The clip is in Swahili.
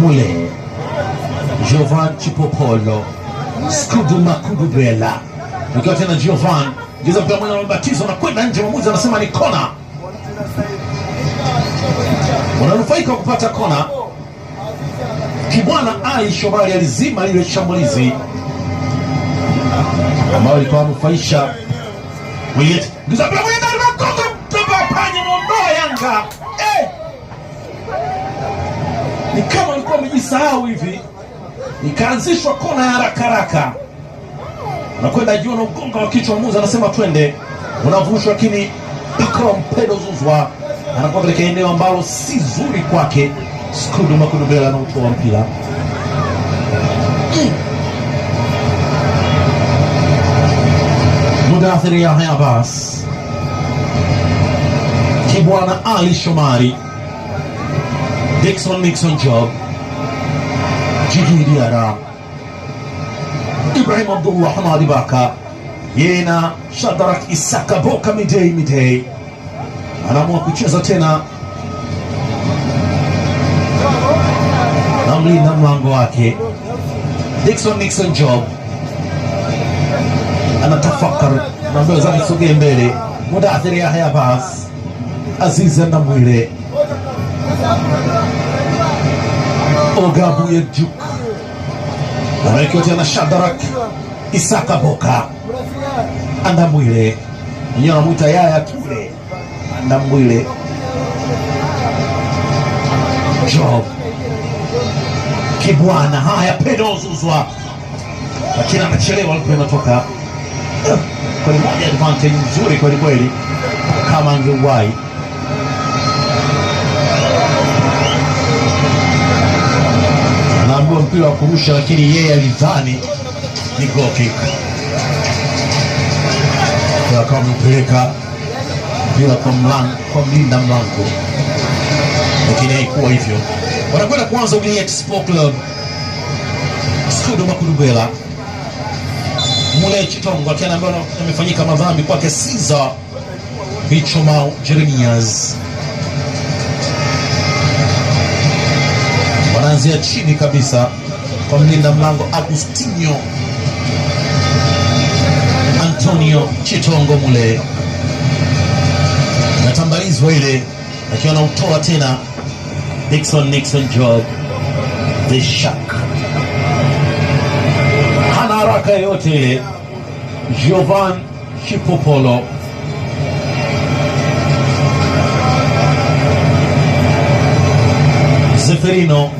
Moulin, Jovan Chipopolo, Skudu Makudubela. Ukiwa tena Jovan Giza mtu mbatizo na kwenda nje, mwamuzi anasema ni kona. Wananufaika kupata kona. Kibwana Ali Shomari alizima lile shambulizi ambayo ilikuwa anufaisha Wiliet. Giza mtu mmoja anakoka mtoba panya mwondoa Yanga. Eh! Ni kama mjisahau hivi, ikaanzishwa kona ya haraka haraka, nakwenda juu na ugonga wa kichwa muzi anasema twende, unavushwa lakini pakawa mpedo zuzwa anakuwa katika eneo ambalo si zuri kwake. Skudu Makudubela anautoa mpira Mudathiri Yahya Abbas, Kibwana Ali Shomari, Dickson mixon Job jijini Diara. Ibrahim Abdullah Hamadi Baka yena Shadarak Isaka Boka Midei Midei anaamua kucheza tena namlinda mlango wake Dickson Nixon Job anatafakar na mbio zake sogee mbele, Mudathiri Yahya Bas, Aziz Ndamwile ogabuye duka anawekiotia na Shadrak Isaka Boka andamwile enyewe anamwita yaya kule andamwile Job kibwana. Haya, pedo lakini amechelewa alipo, inatoka eh, kwenye moja advantage nzuri kweli kweli, kama angewahi mpira wa kurusha, lakini yeye alidhani ni goal kick, akawa amepeleka mpira kwa mlinda mlango, lakini haikuwa hivyo. Wanakwenda kuanza Ulieti Sport Club studio Makudubela mule Chitongo, akiana ambayo amefanyika madhambi kwake Siza Bichomao Jeremias kuanzia chini kabisa kwa mlinda mlango Agustinio Antonio Chitongo mule natambalizwa ile akiwa nautoa tena dixon Nixon Job the Shark, hana haraka yote ile. Giovan Chipopolo Zeferino